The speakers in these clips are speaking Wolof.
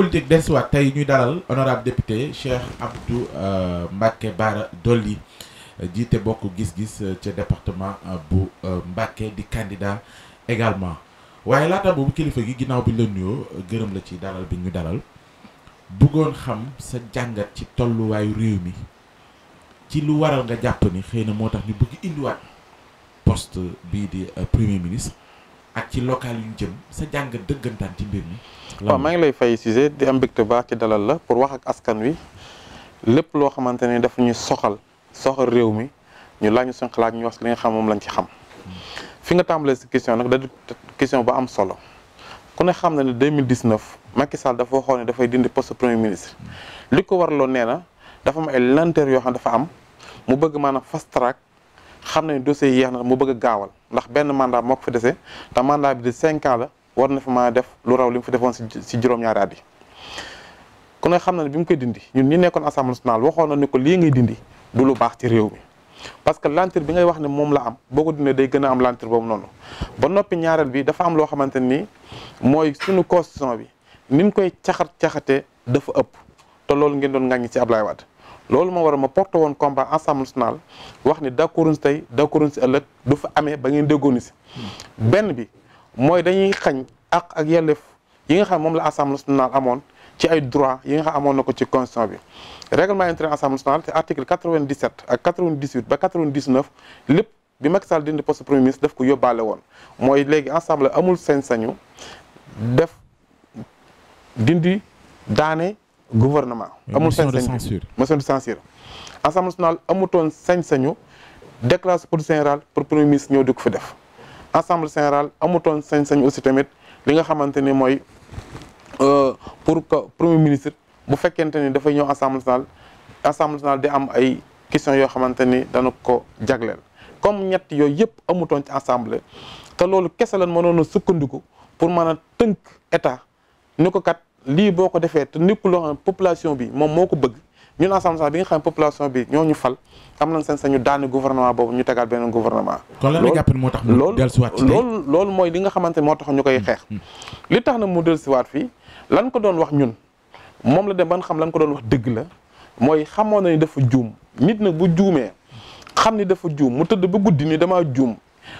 politique desuwaat tey ñuy dalal honorable député Cheikh Abdou euh, Mbacké Bara Dolly jiite bokk gis-gis ca département euh, bu euh, Mbacké di candidat également waaye laata boobu kilifa gi ginnaaw bi la nuyoo gërëm la ci dalal bi ñu dalal bëggoon xam sa jàngat ci tolluwaayu réew mi ci lu waral nga jàpp ni xëy na moo tax ñu bëgg indiwaat poste bii di premier ministre ak ci local yu ñu jëm sa jàng dëggantaan ci mbir mi. waaw maa ngi lay fay Cissé di am mbégte baax ci dalal la pour wax ak askan wi lépp loo xamante ne daf ñu soxal soxal réew mi ñu laaj ñu suñu ñu wax li nga xam moom lañ ci xam. Hmm. fi nga tàmbalee si question nag da di question ba am solo ku ne xam na ne 2019 Macky Sall dafa waxoon ne dafay dindi poste premier ministre hmm. li ko waraloon nee na dafa am ay lenteur yoo xam dafa am mu bëgg maanaam fast track xam na ne dossier yeex na mu bëgg a gaawal ndax benn mandat moo ko fa dese te mandat bi de cinq la war na fi ma def lu raw li fi defoon si si juróom-ñaari at yi xam na ne bi mu koy dindi ñun ñi nekkoon assemblée nationale waxoon na ni ko lii ngay dindi du lu baax ci réew mi parce que lantir bi ngay wax ne moom la am boo ko dindee day gën a am lantir boobu noonu ba noppi ñaareel bi dafa am loo xamante nii mooy suñu constitution bi ni mu koy caxat caxatee dafa ëpp te loolu ngeen doon ŋàññi ci Ablaye Wade loolu moo waral ma porté woon combat ensemble national wax ni d'accorduñ si tey d'accorduñ si ëllëg du fa amee ba ngeen déggooni si benn bi mooy dañuy xañ ak ak yelleef yi nga xam moom la assemblée nationale amoon ci ay droit yi nga xam amoon na ko ci constitution bi règlement intérieur assemblée nationale te article 97 ak 98 ba 99 lépp bi Macky Sall dindi poste premier ministre daf ko yóbbaale woon mooy léegi assemblée amul sañ-sañu def dindi daane gouvernement. amul sañ-sañ motion de censure motion de censure. assemblée nationale sañu déclaration politique générale pour premier ministre ñëw di ko fi def. assemblée générale amutoon sañ-sañ aussi tamit li nga xamante ni mooy euh, pour que premier ministre bu fekkente ni dafay ñëw assemblée nationale assemblée nationale di am ay questions yoo xamante ni dana ko jagleel. comme ñett yooyu yëpp amutoon ci assemblée te loolu kese lañ mënoon a sukkandiku pour mën a tënk état ni ko kat. lii boo ko defee te népp loo xam population bi moom moo ko bëgg ñun ensemble sax bi nga xam population bi ñoo ñu fal am nañ seen sañu daani gouvernement boobu ñu tegaat benn gouvernement. kon lan la jàpp ne moo tax mu dellusiwaat ci loolu mooy li nga xamante ne moo tax ñu koy xeex. Hmm. li tax na mu dellusiwaat fii lan ko doon wax ñun moom la dem ban xam lañ ko doon wax dëgg la mooy xamoon na ni dafa juum nit nag bu juumee xam ni dafa juum mu tëdd ba guddi nii damaa juum.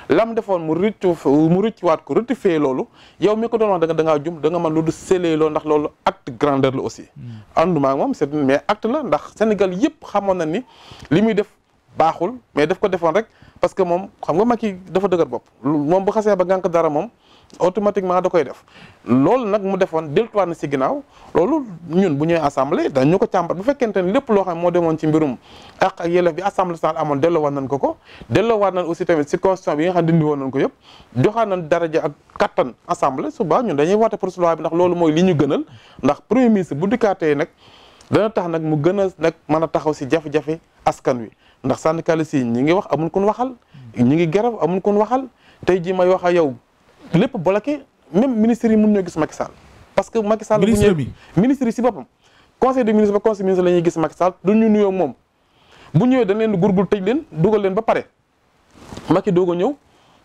lam defoon mu rëccu mu rëccuwaat ko rectifier loolu yow mi ko doon wax da da ngaa jum danga man mën loolu sëlee loolu ndax loolu acte grandeur la aussi hmm. ànduma ak moom c'est mais acte la ndax Sénégal yëpp xamoon na ni li muy def baaxul mais daf ko defoon rek parce que moom xam nga Macky dafa dëgër bopp moom bu xasee ba gànq dara moom automatiquement da koy def loolu nag mu defoon deltuwaat na si ginnaaw loolu ñun bu ñuy assemblée dañu ko càmbar bu fekkente ne lépp loo xam moo demoon ci mbirum ak ak yelef bi assemblée nationale amoon delloowaat nañ ko ko delloowaat nañ aussi tamit si constitution bi nga xam dindi woon nañ ko yëpp joxaat nañ daraja ak kattan assemblée suba ñun dañuy woote pour loi bi ndax loolu li ñu gënal ndax premier ministre bu dikkaatee nag dana tax nag mu gën a nag mën a taxaw si jafe askan wi ndax syndicaliste yi ñi ngi wax amul kun waxal ñi ngi gërëm amul kun waxal tey jii may wax a yow lépp bloqué même ministre yi mën ñoo gis Macky Sall parce que Macky Sall ministre bi ministre yi si boppam conseil des ba la ñuy gis Macky Sall du ñu nuyoo moom bu ñëwee dañ leen gurgul leen dugal leen ba pare Macky doog a ñëw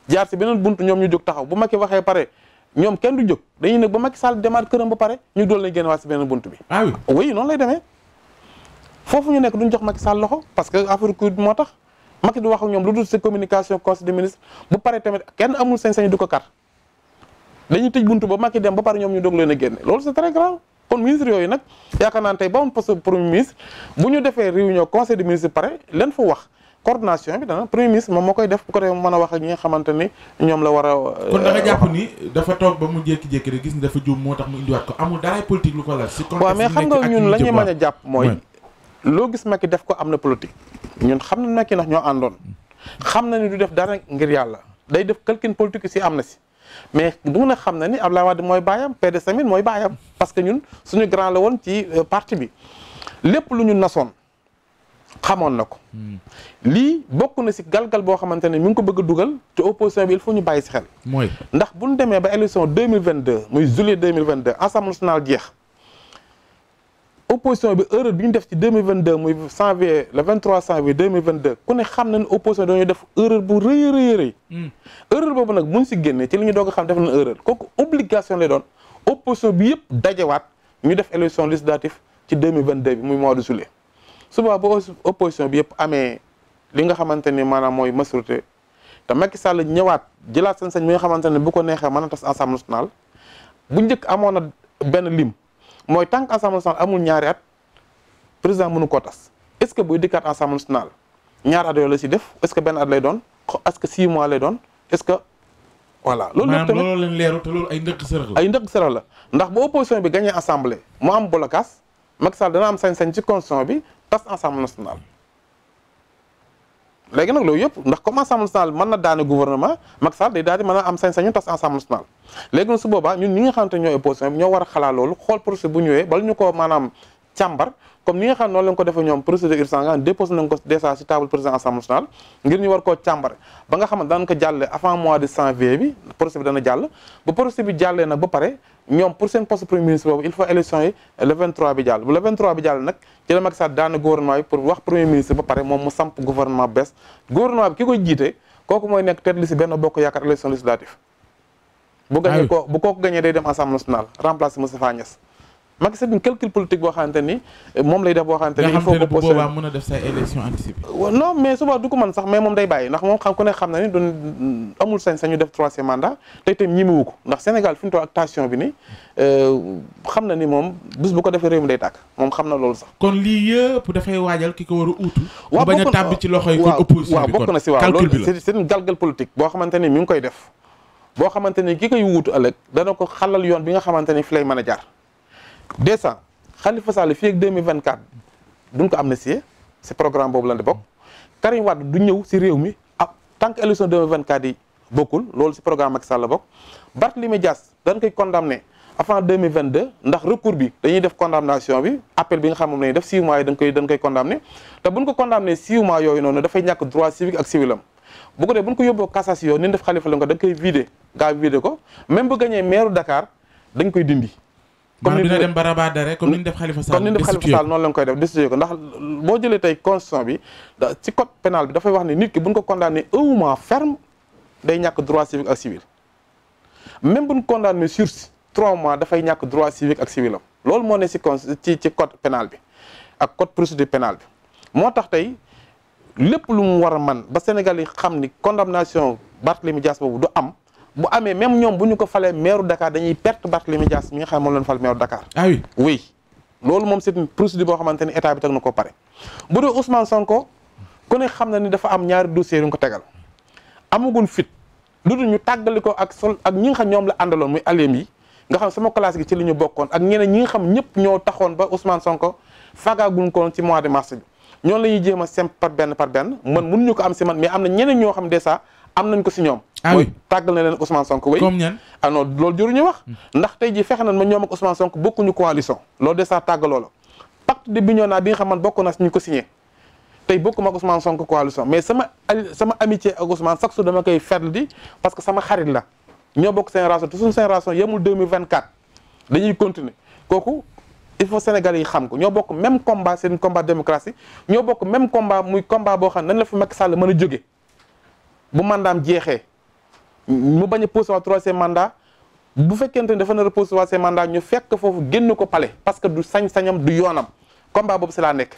jaar si beneen bunt ñoom ñu jóg taxaw bu Macky waxee pare ñoom kenn du jóg dañuy nag ba Macky Sall demaat këram ba pare ñu dool leen génn waat si beneen buntu bi ah oui noonu lay demee foofu ñu nekk duñ jox Macky Sall loxo parce que affaire Covid moo tax Macky du wax ak ñoom lu dul si communication conseil des ministres bu pare tamit kenn amul sañ-sañ du ko dañuy tëj buntu ba Macky dem ba pare ñoom ñu doog leen a génne loolu c'est très grave kon ministre yooyu nag yaakaar naa tey ba woon poste premier ministre bu ñu defee réunion conseil des ministres pare leen fa wax coordination premier ministre moom moo koy def bu ko defee mu mën a wax ak nga xamante ni ñoom la war a. Euh, ni dafa toog ba mu jékki-jékki rek gis ni juum moo tax mu indiwaat ko amul dara politique lu ko laal. si contexte waaw mais nga ñun la ñuy mën a jàpp mooy. loo gis Macky def ko am na politique. ñun xam na Macky ndax ñoo àndoon. xam na ni du def dara ngir yàlla day def quelqu'un politique si am na si mais du mun a xam na ni Abdoulaye Wade mooy baayam PDS tamit mooy baayam parce que ñun suñu grand la woon ci euh, parti bi lépp lu ñu nasoon xamoon na ko. Hmm. lii bokk na si galgal boo xamante ne mi ngi ko bëgg dugal ci opposition bi il faut ñu bàyyi si xel. mooy ndax bu ñu demee ba élection 2022 muy juillet 2022 assemblée nationale jeex. opposition bi erreur bi ñu def ci deux mille vingt deux muy janvier le vingt trois janvier deux mille vingt deux ku ne xam na ne opposition dañuy def erreur bu rëy a rëy rëy. Hmm. boobu nag buñ si génnee ci li ñu doog a xam def na erreur kooku obligation lay doon opposition bi yëpp dajewaat ñu def élection législative ci deux mille vingt deux bi muy mois de juillet suba ba opposition bi yëpp amee li nga xamante ni maanaam mooy majorité te Macky Sall ñëwaat jëlaat sañ-sañ mi nga xamante ne bu ko neexee mën a tas assemblée nationale bu njëkk amoon na benn lim. mooy tant que assemblée nationale amul ñaari at président mënu koo tas est ce que buy dikkaat assemblée nationale ñaari at yooyu la si def est que benn at lay doon est ce que 6 mois lay doon est ce que. voilà loolu lépp loolu leen leeru te loolu ay ndëkk sërëx la la ndax bu opposition bi gagné assemblée mu am bolokaas Macky Sall dana am sañ-sañ ci constitution bi tas assemblée nationale. léegi nag loolu yëpp ndax comme assemblée nationale mën na daane gouvernement Macky Sall day daal di mën a am sañ-sañu tas assemblée nationale léegi nag su boobaa ñun ñi nga xamante ñooy opposition bi a xalaat loolu xool procès bu ñëwee bala ñu ko maanaam càmbar comme ni nga xam noonu lañ ko defee ñoom procédure d'urgence nga déposé nañ ko déjà ci président assemblée nationale ngir ñu war koo càmbar ba nga xam ne daan ko jàllee avant mois de janvier bi procès bi dana jàll ba procès bi jàllee ba pare ñoom pour seen poste premier ministre boobu il faut élection yi le 23 bi jàll bu le 23 bi jàll nag ci la Macky Sall daana gouvernement bi pour wax premier ministre ba pare moom mu samp gouvernement bees gouvernement bi ki koy jiite kooku mooy nekk tête liste Benno Bokk Yaakaar élection législative bu gañee ko bu kooku gañee day dem assemblée nationale remplacer Moustapha Niass Macky Sall bi calcul politique boo xamante ni euh, moom lay def boo xamante ni il faut que moom day bàyyi ndax moom xam xam na ni doon amul sañ-sañu def troisième ko ndax Sénégal fi mu toll ak bi ni euh, xam na ni moom bis ko defee réew mi day tàkk moom xam na loolu sax kon lii yëpp dafay waajal ki a uutu ci loxoy kon opposition bi waaw bokk na si waaw loolu c'est une boo xamante ni mi ngi koy def boo xamante ni ki koy dana ko xalal yoon bi nga xamante ni fi lay mën a jaar 200 Khalifa Sall fii ak 2024 duñ ko amnistier si programme boobu la di bokk Karim Wade du ñëw si réew mi ak ah, tant que élection 2024 yi bokkul loolu si programme Macky Sall la bokk Barthélémy Dias dañ koy condamné avant 2022 ndax recours bi dañuy def condamnation bi appel bi nga xam moom la ñuy def 6 mois yi dañ koy dañ koy condamné te buñ ko condamné 6 mois yooyu noonu dafay ñàkk droit civique ak civilam bu ko dee buñ ko yóbboo cassation ni def Khalifa la ko dañ koy vidé gaa vidé ko même bu gagné maire Dakar dañ koy dindi comme dina dem ba rabaat rek ni ñu def Khalifa Sall comme ni ñu def Khalifa Sall noonu la koy def destitué ko ndax boo jëlee tey constitution bi ci code pénal bi dafay wax ne nit ki bu ñu ko condamné un mois ferme day ñàkk droit civique ak civil même bu ñu condamné trois mois dafay ñàkk droit civique ak civil loolu moo ne ci con ci ci code pénal bi ak code procédure pénale bi moo tax tey lépp lu mu war a man ba Sénégal yi xam ni condamnation Barthélemy Dias boobu du am bu amee même ñoom bu ñu ko falee maire Dakar dañuy perte Barthélémy Dias mi nga xam ne moom la ñu fal maire Dakar. ah loolu moom c'est une procédure boo xamante ni état bi teg na ko pare. bu dee Ousmane Sonko ku ne xam na ni dafa am ñaari dossiers yu ñu ko tegal amagul fit lu dul ñu tàggali ko ak sol ak ñi nga xam ñoom la àndaloon muy aleem yi nga xam sama classe gi ci li ñu bokkoon ak ñeneen ñi nga xam ñëpp ñoo taxoon ba Ousmane Sonko fagaaguñ koon ci mois de mars bi. la ñuy jéem a simp par benn par benn man mënuñu ko am si man mais am na ñeneen ñoo xam dèjà am nañ ko si ñoom ah mooy tàggal na leen Ousmane Sonko wéy comme ñan ah non loolu wax hmm. ndax tey ji fexe nañ ma ñoom ak Ousmane Sonko bokkuñu coalition loolu de saa tàggaloo la pacte de Bignona bi nga xam man bokk naa si ñu ko signé tey bokkuma ak Ousmane coalition mais sama sama amitié ak Ousmane sax su dama koy ferl di parce que sama xarit la ñoo bokk seen génération te suñu génération yemul 2024 dañuy continuer kooku il faut Sénégalais yi xam ko ñoo bokk même combat seen combat démocratie ñoo bokk même combat muy combat boo xam ne nañ la fi Macky a jóge bu mandaam jeexee mu bañ a posé waa troisième mandat bu fekkente ni dafa nar a posé waa ses mandat ñu fekk foofu génn ko pale parce que du sañ-sañam du yoonam combat boobu si laa nekk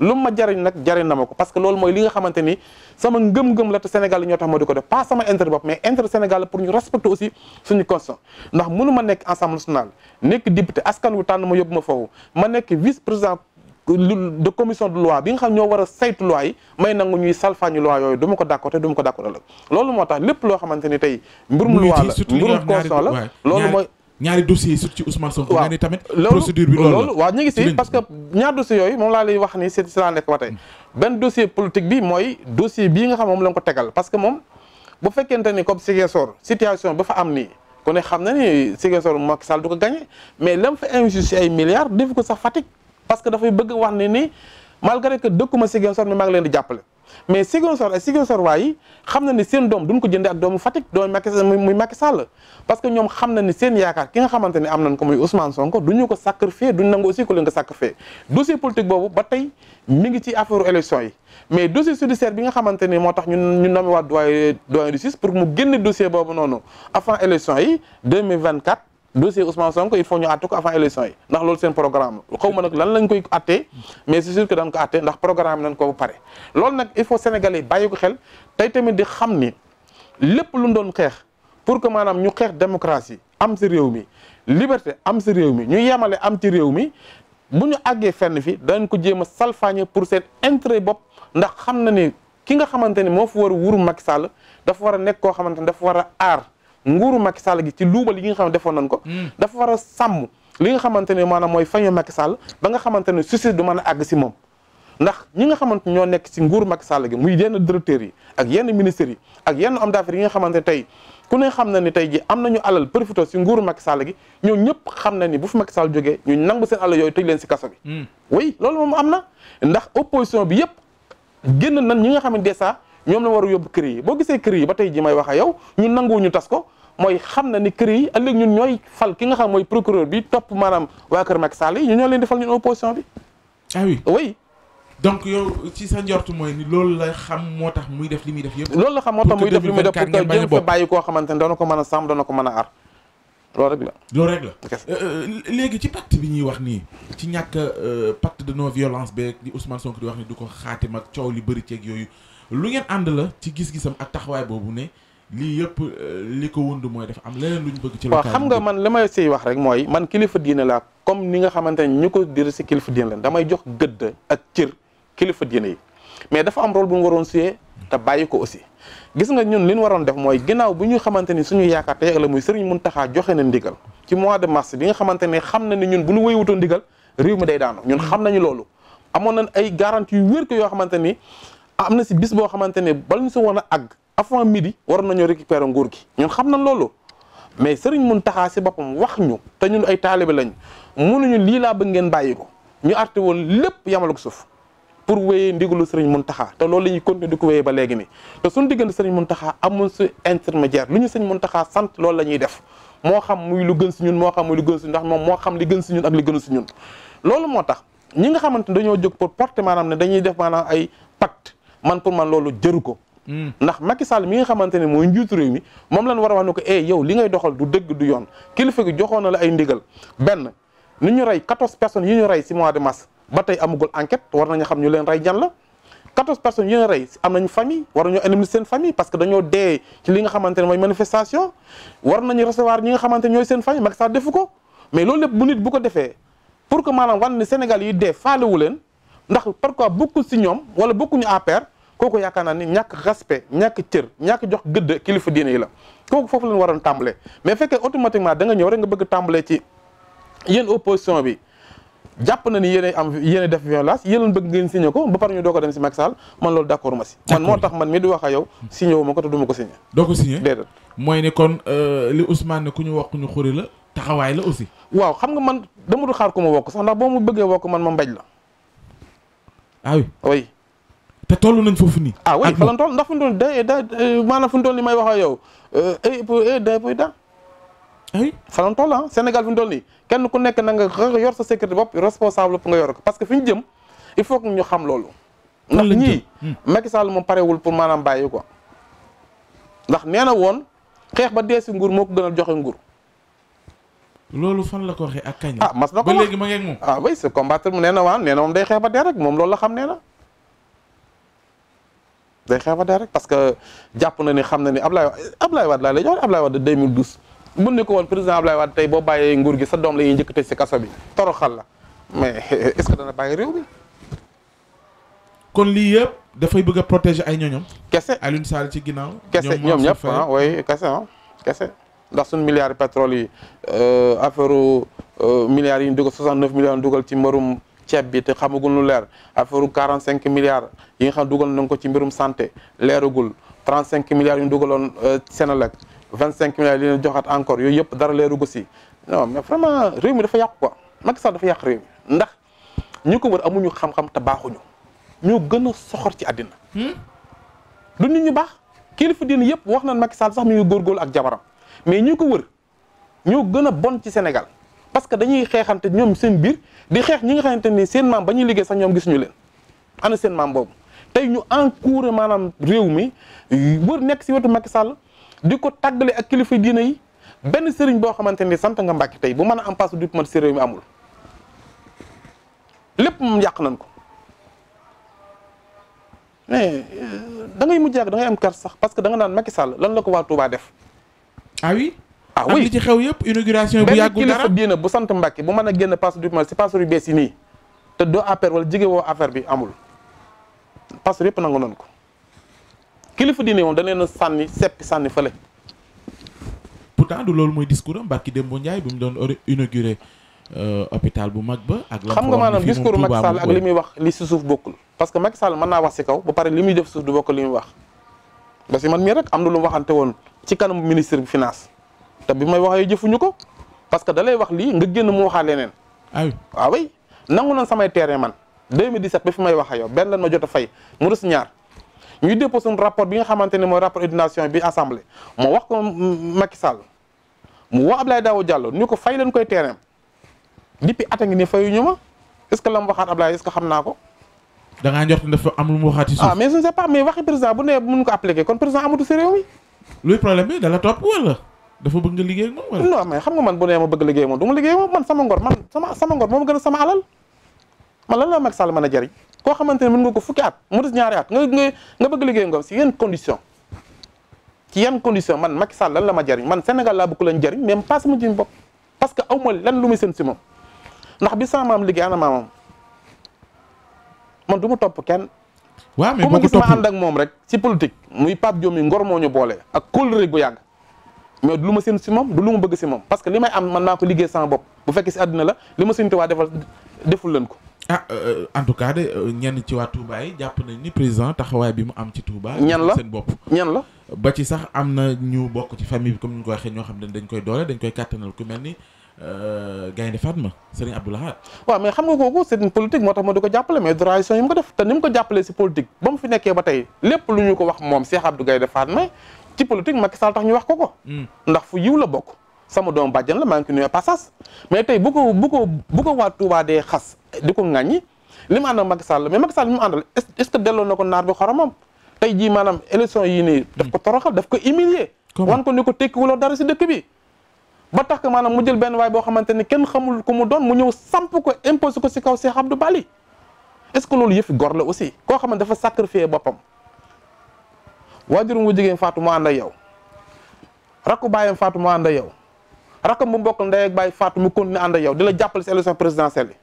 lu ma jariñ nag na ma ko parce que loolu mooy li nga xamante ni sama ngëm-ngëm la te Sénégal la ñoo tax ma di ko def pas sama intérêt bopp mais intérêt Sénégal la pour ñu respecter aussi suñu constitution ndax mënu ma nekk Assemblée nationale nekk député askan wu tànn ma yóbbu ma foofu ma de commission de loi bi nga xam ñoo war loolu loo xamante ne tamit waaw ñu parce que ñaar dossiers yooyu moom laa lay wax ni c'est la nekk ba tey mm. benn dossier politique bi mooy dossier bii nga xam moom la ko tegal parce que moom bu fekkente ni comme Ziguinchor situation ba fa am nii ku ne xam na ni Ziguinchor Macky Sall du ko gagné mais lam fa investi ay ko sax Fatick parce que dafay bëgg wax ne ni malgré que dëkkuma Ziguinchor mais maa ngi leen di jàppale mais Ziguinchor ak Ziguinchor waa yi xam na ni seen doom duñ ko jënde ak doomu Fatick doomu Macky muy Macky parce que ñoom xam na ni seen yaakaar ki nga xamante ne am nañ ko muy Ousmane Sonko duñu ko sacrifier duñ nangu aussi ku leen ko sacrifier dossier politique boobu ba tey mi ngi ci affaire élection yi mais dossier judiciaire bi nga xamante ni moo tax ñun ñu nommé waat doyen doyen du sis pour mu génne dossier dossier Ousmane Sonko il faut ñu àtte ko avant élection yi ndax loolu seen programme la xaw ma nag lan lañ koy àttee mais c'est sûr que dañ ko àttee ndax programme nañ ko ba pare loolu nag il faut sénégalais bàyyi ko xel tey tamit di xam ni lépp luñ doon xeex pour que maanaam ñu xeex démocratie am si réew mi liberté am si réew mi ñu yemale am ci réew mi bu ñu àggee fenn fi dañ ko jéem a salfaañe pour seen intérêt bopp ndax xam na ni ki nga xamante ni moo fu war a wuru Macky dafa war a nekk koo xamante ni dafa war a aar nguuru Macky Sall gi ci luuma yi nga xam ne defoon nañ ko hmm. dafa war a sàmm li nga xamante ne maanaam mooy fañu Macky Sall ba nga xamante ne succès du mën a àgg si moom ndax ñi nga xamante ñoo nekk si nguuru Macky Sall gi muy yenn directeurs yi ak yenn ministères ak yenn hommes yi nga xamante ne tey ku ne xam na ni tey ji am nañu alal profité si nguuru Macky Sall gi ñoo ñëpp xam na ni bu fi Macky Sall jógee ñu nangu seen alal yooyu tëj leen si kaso bi hmm. oui loolu moom am na ndax opposition bi yëpp génn nan ñi nga xamante ne ñoom la war a yóbbu kër yi boo gisee kër yi ba tey ji may wax a yow ñun nanguwuñu tas ko mooy xam na ni kër yi ëllëg ñun ñooy fal ki nga xam mooy procureur bi topp maanaam waa kër Macky Sall yi ñu ñoo leen di fal ñun opposition bi ah donc yow ci sa njort mooy ni loolu la xam moo tax muy def li muy def yëpp loolu la xam moo tax muy def li muy def pour que jëm fa bàyyi koo xamante ne doona ko mën a sàmm doona ko mën a aar loolu rek la loolu rek euh, euh, léegi ci pacte bi ñuy wax nii ci ñàkk euh, pacte de non violence beeg li Ousmane Sonko di wax ni du ko xaatim ak coow li bëri ceeg yooyu lu ngeen ànd la ci gis-gisam ak taxawaay boobu ne lii yëpp euh, li ko wund mooy def am leneen luñ bëgg ci waaw xam nga man li may siy wax rek mooy man kilifa diine laa comme ni nga xamante ne ñu ko dir si kilifa diine la damay jox gëdd ak cër kilifa diine yi mais dafa am rôle bu waroon suyee te bàyyi ko aussi gis nga ñun li ñu waroon def mooy ginnaaw bi ñu xamante ni suñu yaakaar te la muy sëriñ Mountakha joxe na ndigal ci mois de mars bi nga xamante ne xam na ni ñun bu ñu wéyutoon ndigal réew mi day daanu ñun xam nañu loolu amoon na ay garantie yu wér ko yoo xamante ni am na si bis boo xamante ne bala ñu si woon a àgg avant midi waroon nañoo récupérer nguur gi ñun xam na loolu mais sëriñ Mountakha si boppam wax ñu te ñun ay taalibe lañ mënuñu lii laa bëgg ngeen bàyyi ko ñu arté woon lépp yamal ko suuf pour wéyee ndigalu sëriñ Mountakha te loolu la ñuy continuer di ko wéyee ba léegi ni te suñu diggante sëriñ Mountakha amul su intermédiaire lu ñu sëriñ Mountakha sant loolu la ñuy def moo xam muy lu gën si ñun moo xam gën si ndax moom moo xam li gën si ñun ak li gën si ñun loolu moo tax ñi nga xamante ne dañoo jóg pour porter maanaam ne dañuy def maanaam ay pacte man pour man loolu jëru ko hmm. ndax Macky Sall mi nga xamante ne mooy njiitu réew mi moom lañ war a wax ne ko eh yow li ngay doxal du dëgg du yoon kilifa gi joxoon na ay ndigal benn ni ñu rey quatorze personnes yu ñu rey si mois de mars ba tey amugul enquête war nañu xam ñu leen rey ñan la quatorze personnes yi ñu rey am nañu famille war nañoo indemniser seen famille parce que dañoo dee ci li nga xamante ne mooy manifestation war nañu recevoir ñi nga xamante ne seen famille Macky Sall defu ko loolu lépp bu nit bu ko defee pour que maanaam wan ne Sénégal yi dee faalewu ndax parfois bokkul si ñoom wala bokkuñu APR kooku yaakaar naa ni ñàkk respect ñàkk cër ñàkk jox gëdd kilifa diine yi la kooku foofu lañu waroon tàmbalee mais fekkee automatiquement da nga ñëw rek nga bëgg tàmbalee ci yéen opposition bi jàpp na ni yéen am yéen def violence yéen lañ bëgg ngeen signé ko ba pare ñu doog a dem si mag Sall man loolu d'accord ma si man moo tax man mi di wax a yow signé wu ma ko te du ma ko signé doo ko signé déedéet mooy ne kon euh, li Ousmane ku ñu wax ñu xuri la taxawaay la aussi waaw xam nga man dama du ku ma wokk sax ndax boo mu bëggee wokk man ma mbéj la ah oui te toll nañ foofu nii. ah oui fa la toll ndax fu mu toll day day euh, maanaam fu mu may wax ak yow euh, ay da ay ah fa la toll ah Sénégal fu mu toll nii kenn ku nekk na nga yor sa sécurité bopp responsable pour nga yor ko parce que fi ñu jëm il faut que ñu xam loolu. ndax ñii hmm. Macky Sall moom parewul pour maanaam bàyyi quoi. ndax nee na woon xeex ba dee si nguur moo ko gënal joxe nguur. loolu fan la ko waxee ak kañ. Ah, ba léegi ma ngeeg moom. ah oui c'est mu nee na waaw nee na moom day xeex ba dee rek moom loolu la xam nee na. day xeex ba rek parce que jàpp na ni xam na ni Ablaye Ablaye Wade laa lay jox Ablaye Wade 2012. mën ni ko woon président Ablaye Wade tey boo bàyyee nguur gi sa doom la ñuy njëkk tëj si kaso bi toroxal la mais est-ce que dana bàyyi réew bi kon lii yëpp dafay bëgg a ay ñoñom kese Alioune Sall ci ginnaaw. ñoom ñoom ñëpp ah oui kese ah ndax suñu milliards pétrole yi euh, affaire euh, milliards yi ñu dugal 69 milliards dugal ci mbarum ceeb bi te xamagul lu leer affaire 45 milliards yi nga xam dugal nañ ko ci mbirum santé leeragul 35 milliards yu ñu dugaloon euh, Sénélec 25 milliards yi leen joxat encore yooyu yëpp dara leeragu si non mais vraiment réew mi dafa yàqu ko Macky Sall dafa yàq réew mi ndax ñu ko wër amuñu xam-xam te baaxuñu ñoo gën a ci àddina. Hmm? du nit ñu baax kilifa diine yëpp wax nañ Macky Sall sax mi ngi góorgóorlu ak jabaram. mais ñi ko wër ñoo gën a bon ci Sénégal parce que dañuy xeexante ñoom seen biir di xeex ñi nga xamante ni seen maam ba ñuy liggéey sax ñoom gisuñu leen ana seen maam boobu tey ñu encouré maanaam réew mi wër nekk si wetu Macky Sall di ko tàggale ak kilifa diina yi benn sëriñ boo xamante ni sant nga Mbàkke tey bu mën a am passe du mat si réew mi amul lépp moom yàq nañ ko mais euh, da ngay mujj yàgg da am kar sax parce que da nga naan Macky Sall lan la ko waa def ah oui. ah oui li ci xew yëpp inauguration bu yàggul dara benn kilifa bu sant Mbacke bu mën a génn passe du si passe yu bees yi nii te doo affaire wala jigéen woo affaire bi amul passe yëpp nangu nañ ko kilifa diine yoon dañ leen sànni seppi sànni fële. pourtant du loolu mooy discours am barki Demba Ndiaye bi mu doon inauguré euh, hôpital bu mag ba. ak la xam nga maanaam discours Macky Sall ak li muy wax li si suuf bokkul. parce que Macky Sall mën naa wax si kaw ba pare li muy def suuf du bokk li muy wax mii rek am na lu waxante woon. ci kanam ministre bi finance te bi may waxee jëfuñu ko parce que da wax lii nga génn mu waxaa leneen. ay waaw way nangu nañ samay terrain man 2017 ba fi may wax ak yow benn lan ma jot a fay mu rës ñaar ñuy déposé rapport bi nga xamante ne mooy rapport ordination bi assemblée moo wax ko Macky Sall mu woo Abdoulaye Daouda Diallo ni ko fay leen koy terrain depuis at a ngi ma la mu waxaat Abdoulaye xam naa ko. da ngaa mu waxaat ah, ko appliqué kon président amatu si réew luy problème bi dala topp wala dafa bëgg nga liggéey moom wala. xam nga man bu nee ma bëgg liggéey moom du ma liggéey moom man sama ngor man moom a sama man lan la Macky Sall mën a jëriñ koo xamante ne mën nga ko fukki at mu des ñaari bëgg liggéey nga si yenn condition condition man Macky Sall lan la ma jëriñ man Sénégal laa bëgg leen jëriñ mais pas sama jëm bopp parce que aw ma lan lu si moom ndax bi sama maam liggéey ana maamam man du ma topp kenn waaw mais boo ko topp ma ànd ak moom rek ci politique. muy Pape Diop mi ngor moo ñu boole. ak kóllëre gu yàgg mais lu ma seen si moom du lu ma bëgg si moom. parce que li may am man naa ko liggéey sama bopp bu fekkee si àddina la li ma seen tuwaa defal deful leen ko. ah euh, euh, en tout cas de euh, ñenn ci waa Touba jàpp nañ ni président taxawaay bi mu am ci Touba. ñan la seen bopp ñan la. ba ci sax am na ñu bokk ci famille bi comme ñu ko waxee ñoo xam ne dañ koy doole dañ koy kàttanal ku ni Euh, Gaynde Fatma Serigne Abdou Lahad waaw mais xam nga kooku c'est une moo tax ma di ko jàppale mais droition yi mu ko def te ni mu ko jàppalee si politique ba mu lépp lu ñu moom Cheikh Abdou Gaynde Fatma ci politique Macky Sall tax ñu wax ko ko hmm. ndax fu yiw la bokk sama doom bàjjan la maa ngi ko nuyoo passage mais tey bu ko bu ko bu ko waa Touba dee xas di ko ŋàññi li mu ànd ak Sall mais Macky Sall li mu àndal delloo na ko naar bi xoromam tey jii maanaam élection yii nii daf ko toroxal daf ko humilier wan ko ni ko tekkiwuloo dara si dëkk bi ba tax que maanaam mu jël benn waay boo xamante ne kenn xamul ku mu doon mu ñëw samp ko imposé ko si kaw Cheikh Abdou Bali est-ce que loolu yëfi gor la aussi koo xam ne dafa sacrifié boppam waajurum wu jigéen faatu mu ànd ak yow rakku bàyyam faatu mu ànd ak yow rakkam mu mbokk ndey baay bàyyi faatu mu continuer ànd ak yow di la jàppale si élection présidentielle yi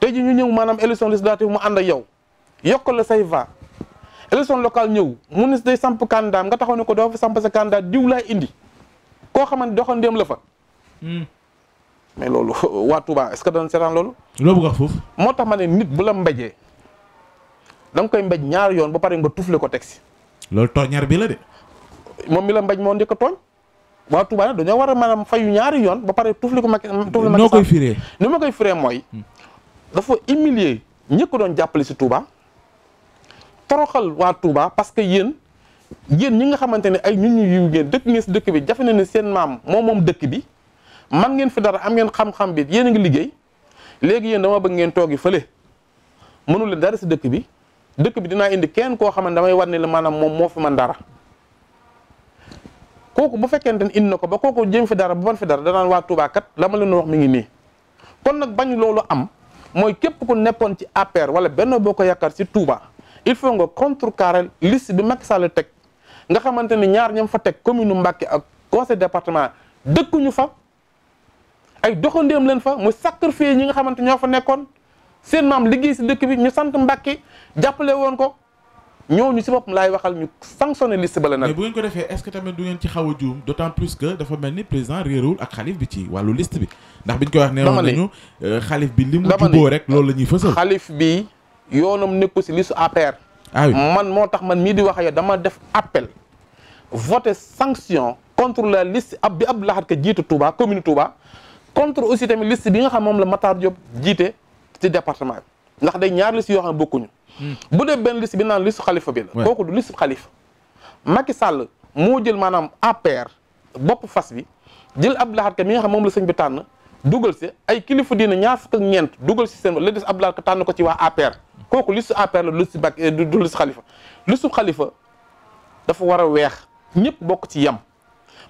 tey ji ñu ñëw maanaam élection législative mu ànd ak yow yokkal la say va élection local ñëw mu ne day samp candidat nga taxaw ne ko doo fa samp sa candidat diw laay indi koo xamante doxandéem la fa. Hmm. mais loolu waa Touba est-ce que danañ seetaan loolu. loo bëgg wax foofu. moo tax ma ne nit bu la mbéjee da nga koy mbéj ñaar yoon ba pare nga tufle ko teg si. loolu tooñar bi la de. moom mi la mbéj moo njëkk a tooñ. waa Touba nag dañoo war a maanaam fayu ñaari yoon ba pare tufle ko Macky tufle Macky noo koy firee ni ma koy firee mooy. Hmm. dafa humilier ñi doon jàppale si Touba. toroxal waa Touba parce que yéen. yéen ñi nga xamante ne ay ñun ñu yiw ngeen dëkk ngeen si dëkk bi jafe na ne seen maam moom moom dëkk bi man ngeen fi dara am ngeen xam-xam bi yéen a ngi liggéey léegi yéen dama bëgg ngeen toogi fële mënu leen dara si dëkk bi dëkk bi dinaa indi kenn koo xam ne damay war ne la maanaam moom moo fi man dara kooku bu fekkente ne indi na ko ba kooku jëm fi dara bu ban fi dara danaan waa Tuubaa kat la ma leen wax mi ngi nii kon nag bañ loolu am mooy képp ku nekkoon ci APR wala Benno Bokk Yaakaar si Touba il faut nga contrecarrer liste bi Macky Sall teg nga xamante ni ñaar ñam fa teg commune Mbacké ak conseil département dëkkuñu fa ay doxandéem leen fa mu sacrifier ñi nga xamante ñoo fa nekkoon seen maam liggéey si dëkk bi ñu sant Mbacké jàppale woon ko ñooñu si boppam laay waxal ñu sanctionné liste bala nag. mais bu ngeen ko defee ci xaw a juum d'autant plus que dafa mel ak xalif bi ci wàllu list bi ndax biñ koy wax. dama ne neewoon euh, xalif bi li mu. dama juboo rek loolu la ñuy fësal. xalif bi yoonam nekku si liste APR. Ah man moo tax man mii di wax dama def appel voté sanction contre la liste ab bi ab Lahad Ka jiite Touba commune Touba contre aussi tamit liste bi nga xam moom la Matar Diop jiite ci département bi ndax day ñaar liste yoo xam ne bokkuñu. Hmm. bu dee benn liste bi naan liste xalifa bi la. kooku du liste xalifa. Macky sàll moo jël maanaam APR bopp fas bi jël ab Lahad Ka mi nga xam moom la sëñ bi tànn dugal si ay kilifa diine ñaar fukk ak ñeent dugal si seen la des Abdou Lahad tànn ko ci waa kooku liste APR la liste bak euh, du liste xalifa liste xalifa dafa war a weex ñëpp bokk ci yem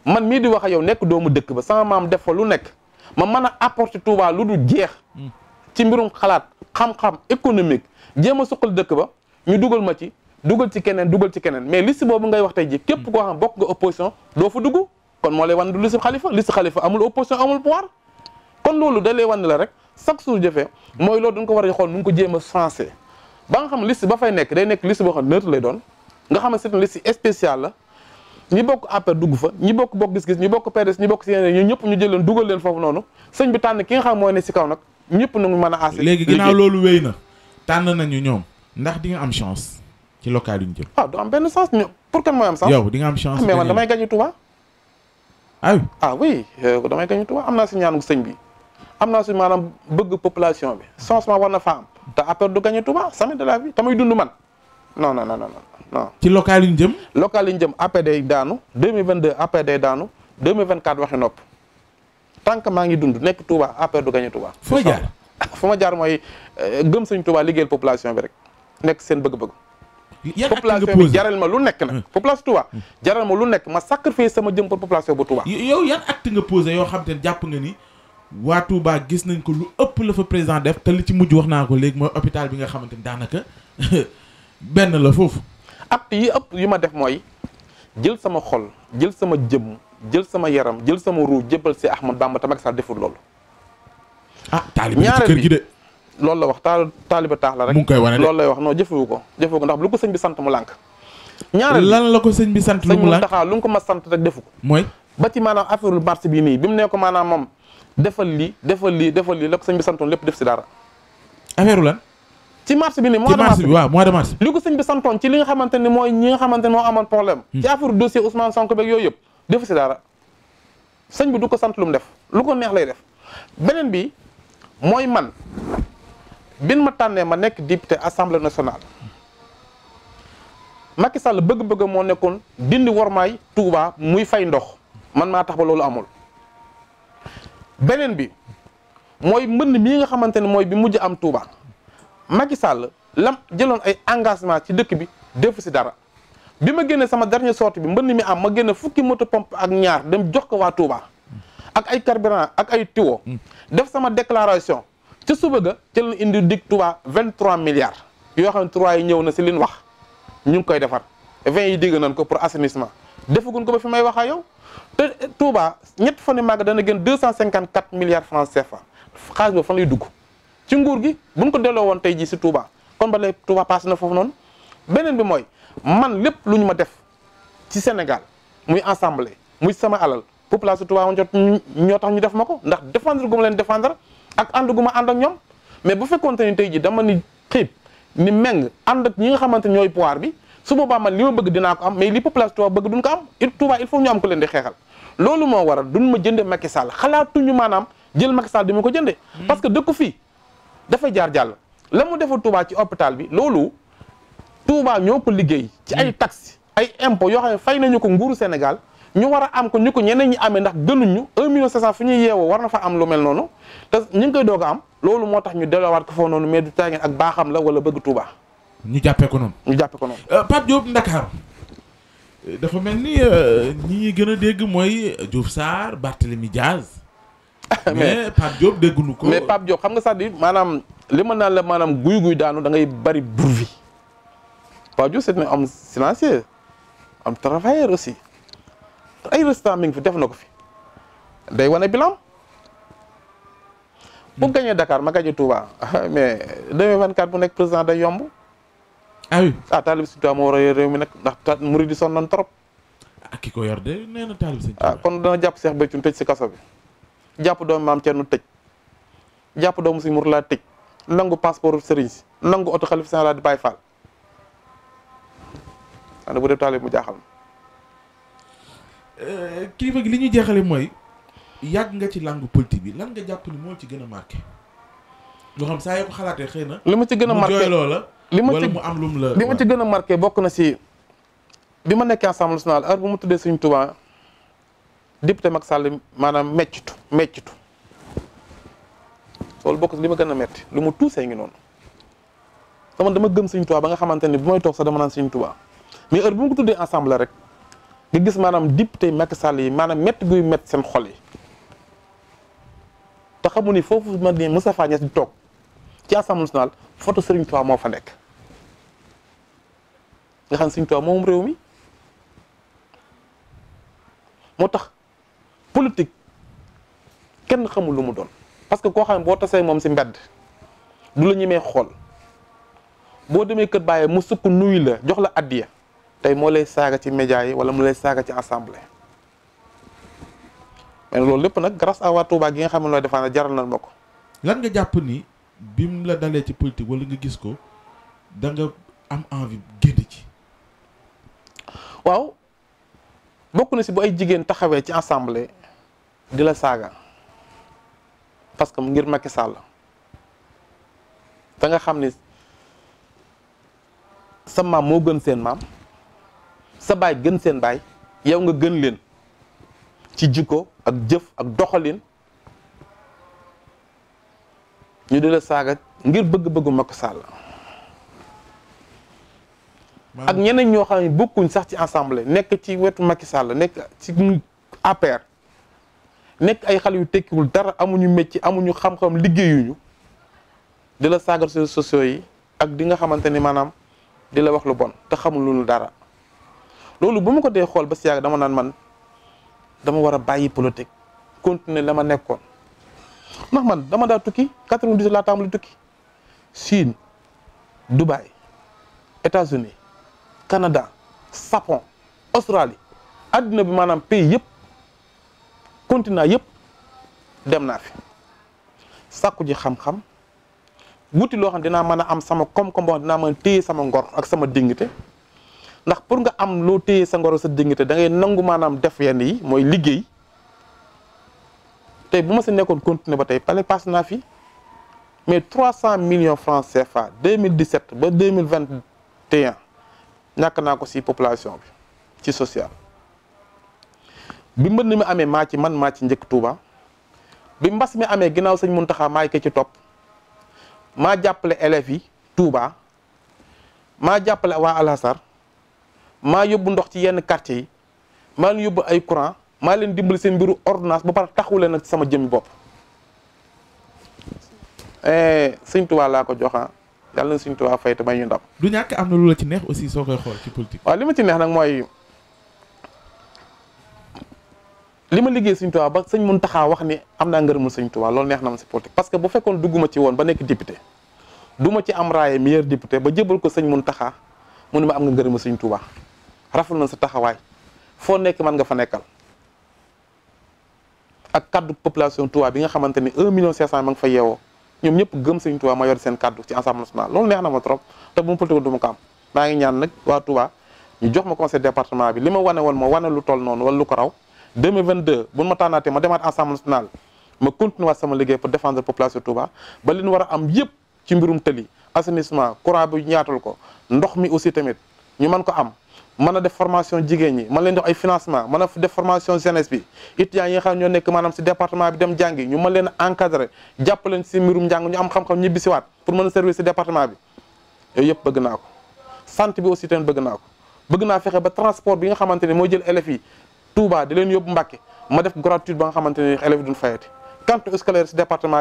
man mii di wax yow nekk doomu dëkk ba sama maam def fa lu nekk ma mën a apporte Touba lu du jeex hmm. ci mbirum xalaat xam-xam économique jéem a suqal dëkk ba ñu dugal ma ci dugal ci keneen dugal ci keneen mais liste boobu ngay wax tey ji képp koo xam bokk nga opposition doo fa dugg kon moo lay wan du liste xalifa liste xalifa amul opposition amul pouvoir kon loolu da lay wan la rek chaque jour jëfee mooy loolu dañ ko war a xool nu ngi ko jéem a sensé ba nga xam liste ba fay nekk day nekk liste boo xam ne neutre lay nga xam ne c'est une liste spéciale la bokk APR dugg fa ñi bokk bokk gis-gis ñi bokk PDS ñi bokk si yeneen ñu jël leen dugal leen foofu noonu sëñ bi tànn ki nga xam mooy ne si kaw nag ñëpp nañu mën a. aase léegi ginnaaw loolu wéy na tànn nañu ndax di nga am chance ci local yi ñu jël. waaw ah, am benn chance pour kan mooy am chance. yow di nga am chance ah, mais man damay gagné Touba. ay ah oui ah euh, damay am naa si ñaanu sëñ bi am naa si maanaam bëgg population bi changement war na fa am te APR du gagné Touba jamais de la vie tamay dund man non non non non non. ci local yi ñu jëm. local yi ñu jëm APR day daanu 2022 APR day daanu 2024 waxi nopp tant que maa ngi dund nekk Touba APR du gagné Touba. foo jaar fu ma jaar mooy euh, gëm sëñ liggéey liggéeyal population bi rek nekk seen bëgg-bëgg. population bi jaral ma lu nekk nag hmm. population Touba hmm. jaral ma lu nekk ma sacrifice sama jëm pour population bu Touba. yow yan acte nga posé yoo xam te jàpp ni. waa Touba gis nañ ko lu ëpp la fa président def te li ci mujj wax naa ko léegi mooy hôpital bi nga xamante ni daanaka benn la foofu. acte yi ëpp yi ma def mooy jël sama xol jël sama jëm jël sama yaram jël sama ruu jébbal si Ahmad Bamba tamit sax deful loolu. ah taaliba ci kër gi de loolu la wax taal taaliba taax la rek. mu ngi koy wane loolu lay wax non jëfewu ko jëfewu ko ndax lu ko sëñ bi sant mu lànk. ñaareel lan la ko sëñ bi sant lu mu lànk lu ko ma sant rek defu ko. defal lii defal lii defal lii la ko sëñ bi santoon lépp def si dara. affaire lan. ci marché bi nii mois de mars bi waaw mois de mars. li ko sëñ bi santoon ci li nga xamante ne mooy ñi nga xamante moo amoon problème. Hmm. ci affaire dossier Ousmane Sonko beeg yooyu yëpp defu si dara sëñ bi du ko sant lu def lu ko neex lay def beneen bi mooy man bin ma tànnee ma nekk député assemblée nationale. Macky Sall bëgg-bëgg moo nekkoon dindi wormaay Touba muy fay ndox man maa tax ba loolu amul. beneen bi mooy mbënd mii nga xamante ne mooy bi mujj am Touba Macky Sall lam jëloon ay engagement ci dëkk bi defu si dara bi ma génnee sama dernier sort bi mbënn mi am ma génne fukki moto pomp ak ñaar dem jox ko waa Touba ak ay carburant ak ay tiwo def sama déclaration ci suba ga ci lañ indi dig Touba 23 milliards yoo xam ne 3 yi ñëw na si leen wax ñu ngi koy defar 20 yi digg nañ ko pour assainissement defaguñ ko ba fi may wax ak yow. te Touba ñett fan yu màgg dana gën deux cent cinquante quatre milliards francs CFA xaalis boobu fan lay dugg ci nguur gi bu buñ ko delloo woon tey jii si Touba kon ba léegi Touba passé na foofu noonu beneen bi mooy man lépp lu ñu ma def ci Sénégal muy ensemble muy sama alal population Touba ma jot ñoo tax ñu def ma ko ndax défendre gu ma leen défendre ak ànd gu ma ànd ak ñoom mais bu fekkoonte ni tey jii dama ni xiib ni meng ànd ak ñi nga xamante ñooy pouvoir bi. su boobaa man li ma bëgg dina ko am mais li population Touba bëgg duñ ko am il Touba il faut ñu am ko leen di xeexal loolu moo waral duñ ma jënde Macky Sall xalaatuñu maanaam jël Macky di ma ko jënde hmm. parce que dëkku fii dafay jaar jàll la mu defal Touba ci hôpital bi loolu Touba ñoo ko liggéey ci ay hmm. taxes ay impôts yoo xam ne fay ñu ko nguuru Sénégal ñu war a am ko ñu ko ñeneen ñi amee ndax gënuñu un million cinq cent fu ñuy yeewoo war na fa am lu mel noonu te ñu am loolu moo tax ñu delluwaat ko foofu noonu mais du tàngeen ak baaxam la bëgg Touba ñu jàppee ko noonu. ñu jàppee ko noonu. Euh, Pape Diop Ndakaaru dafa mel ni euh, ñi ñuy gën a dégg mooy Diouf Sarr Barthélemy Diaz. mais Pape Diop dégguñu ko. mais Pape Diop xam nga cest à maanaam li ma naan la maanaam guy guy daanu da ngay bari bourvi Pape Diop c'est un homme silencieux am travailleur aussi ay restaurant mi ngi fi def na ko fi day wane bilan bu hmm. gagné Dakar ma gagné Touba mais 2024 bu nekk président day yomb. ah oui ah taalibe Sëñ réew mi nag ndax murid yi sonn nañ trop. ak ah, ki ko yor de nee na ah, kon dana jàpp Seex Béthio tëj si kaso bi jàpp doomu maam Thierno tëj jàpp doomu si Mourala tëj nangu passeport sëriñ si nangu oto xalif Sénégal di Baye Fall. xanaa bu def taalibe mu jaaxal. Eh, kilifa gi li ñuy jeexale mooy yàgg nga ci langue politique bi lan nga jàpp ni moo ci gën a marqué. loo xam saa na. li ma ci gën a marqué mu jooy li ma ci mu am lum la li ma ci gën a marqué bokk na si bi ma nekkee assemblée nationale heure bu mu tuddee Sëriñ Tuubaa député Macky Sall maanaam meccitu meccitu loolu bokk li ma gën a metti lu mu tuusee ngi noonu sama dama gëm Sëriñ Tuubaa ba nga xamante ni bu may toog sax dama naan Sëriñ Tuubaa mais heure bu mu ko tuddee assemblée rek nga gis maanaam député Macky Sall yi maanaam métti guy métti seen xol yi te xamu ni foofu ma ne Moustapha Niasse di toog. ci assemblée nationale photo Serigne Touba moo fa nekk nga xam Serigne Touba moom réew mi moo tax politique kenn xamul lu mu doon parce que koo xam ne boo tasee moom si mbedd du la ñemee xool boo demee kër bàyyee mu sukk nuyu la jox la addiya tey moo lay saaga ci média yi wala mu lay saaga ci assemblée mais loolu lépp nag grâce à waa Touba gi nga xam ne looy defaan jaral na ma ko. lan nga jàpp ni. bi mu la dalee ci politique wala nga gis ko da am envie génn ci. waaw bokk na si bu ay jigéen taxawee ci assemblée di la saaga parce que ngir Macky Sall da nga xam ni sa maam moo gën seen maam sa baay gën seen baay yow nga gën leen ci jikko ak jëf ak doxalin. ñu di la saaga ngir bëgg-bëggu Macky Sall ak ñeneen ñoo xam ne bokkuñ sax ci ensemble nekk ci wetu Macky Sall nekk ci APR nekk ay xale yu tekkiwul dara amuñu métier amuñu xam-xam liggéeyuñu di la saaga réseaux sociaux yi ak di nga xamante ni maanaam di la wax lu bon te xamul loolu dara loolu bu mu ko dee xool ba si yàgg dama naan man dama war a bàyyi politique continuer la ma nekkoon. ndax man dama daal tukki 90 laa tàmbali tukki Chine Dubaï États-Unis Canada Japon Australie àddina bi maanaam pays yëpp continent yëpp dem naa fi sàkku ji xam-xam wuti xam dinaa mën a am sama koom-koom boo xam dinaa mën a téye sama ngor ak sama dignité ndax pour nga am loo téye sa ngor ak sa dignité da ngay nangu maanaam def yenn yi mooy liggéey tey bu ma si nekkoon continuer ba tey pale pass naa fi mais 300 millions francs CFA 2017 ba 2021 ñàkk naa ko si population bi ci social bi mbënn mi amee maa ci man maa ci njëkk Touba bi mbas mi amee ginnaaw sëñ Muntaxa maay ko ci topp maa jàppale élèves yi Touba maa jàppale waa Alhasar maa yóbbu ndox ci yenn quartier yi maa yóbbu ay courant maa leen dimbali seen mbiru ordonnance ba pare taxu leen sama jëmmi bopp eh, sëñ Tuubaa laa ko joxa ah. yàlla na suñ Tuubaa fay te may ñu ndam. lu ñàkk am na lu la ci neex aussi soo koy xool ci politique. waa li ma ci neex nag mooy li ma liggéey suñ Tuubaa ba sëñ Muntaxa wax ni am naa ngërëmul sëñ Tuubaa loolu neex na ma si politique parce que bu fekkoon dugguma ci woon ba nekk député du ci am raaye député ba jébal ko sëñ Muntaxa mu ne ma am nga ngërëmul sëñ Tuubaa rafetlu na sa taxawaay foo nekk man nga fa nekkal. ak kaddu population Touba bi nga xamante ni un million cinq cent ma fa yeewoo ñoom ñëpp gëm Serigne Touba ma seen kaddu ci Assemblée nationale loolu neex na ma trop te bu mu politique du ma maa ngi ñaan nag waa Touba ñu jox ma conseil département bi li ma wane woon ma wane lu toll noonu wala ko raw 2022 bu ma tànnaatee ma demaat Assemblée nationale ma continuer sama liggéey pour défendre population Touba ba li ñu war a am yëpp ci mi aussi tamit ñu mën a def formation jigéen ñi mën leen dox financement mën a def formation jeunesse bi étudiants yi nga xam ne ñoo nekk maanaam si département bi dem jàngi ñu mën leen a encadré jàpp leen si mbirum njàng ñu am xam ñibbi siwaat pour a servir si yëpp bëgg naa ko sant bi aussi tamit bëgg naa ko bëgg naa fexe ba transport bi nga xamante ne mooy jël élèves yi Touba di leen yóbbu Mbàkke ma def gratuite ba nga xamante ne élèves yi duñ fayati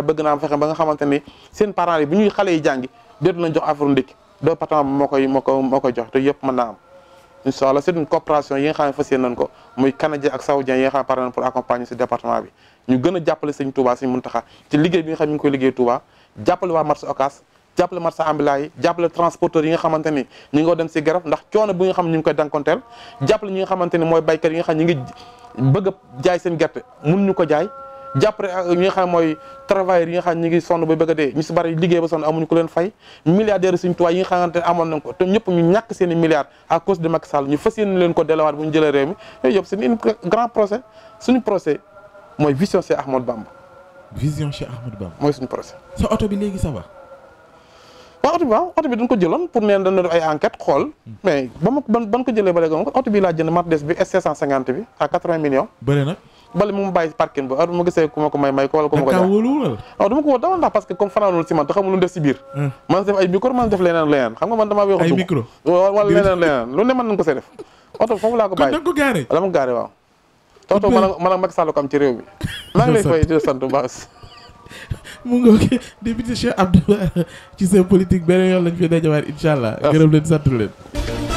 bëgg naa fexe ba nga xamante ne seen parents yi bu ñuy xale yi jàngi déetu lañ jox affaire ndékki département bi moo koy moo ko moo koy jox te yëpp mën naa am incha allah c'est une coopération yi nga xam ne fas ko muy canadien ak saoudien yi nga xam pare nañ pour accompagner si département bi ñu gën a jàppale sëñ Touba sëñ Muntaxa ci liggéey bi nga xam ne koy liggéey Touba jàppale waa marché Ocass jàppale marché ambulant yi jàppale transporteur yi nga xamante ni ñu ngi dem si garab ndax coono bi nga xam ne ñu ngi koy jàppale ñi nga xamante ni mooy baykat yi nga xam ne ngi bëgg jaay seen gerte jàppale euh, ñi nga xam mooy travailleurs yi xam ñi ngi son ba bëgg dee ñu si bari liggéey ba sonn amuñu ko leen fay milliardaires Sëriñ Tuubaa yi nga xamante amoon nañ ko ñëpp ñu ñàkk seen i milliards à cause de Macky Sall ñu fas yéene leen ko delawaat bu ñu jëlee mi yooyu yëpp c'est grand procès suñu procès mooy vision Cheikh Ahmadou Bamba vision Cheikh Ahmadou Bamba mooy suñu procès sa oto bi léegi ça va waaw oto bi ko jëloon pour neen dañ def ay enquête xool hmm. mais ba ma ban ko jëlee ba laa jënd Mercedes bi bi à 80 millions bëri na bal bi mu bàyyi parking ba heure ah ma gisee ku ko may may ko wala ku ma ko jox waaw ah, dama ko wóor dama ndax parce que comme fanaanul si man te xamul lu def si biir hmm. man def ay micro man def leneen leneen xam nga man damaa ko see oto foofu laa ko bàyyi dama ko gaare waaw te oto man man ak Macky Sall ci réew mi mu ngi ok député Cheikh Abdou ci seen politique beneen yoon lañ fi dajawaat incha allah gërëm leen sant leen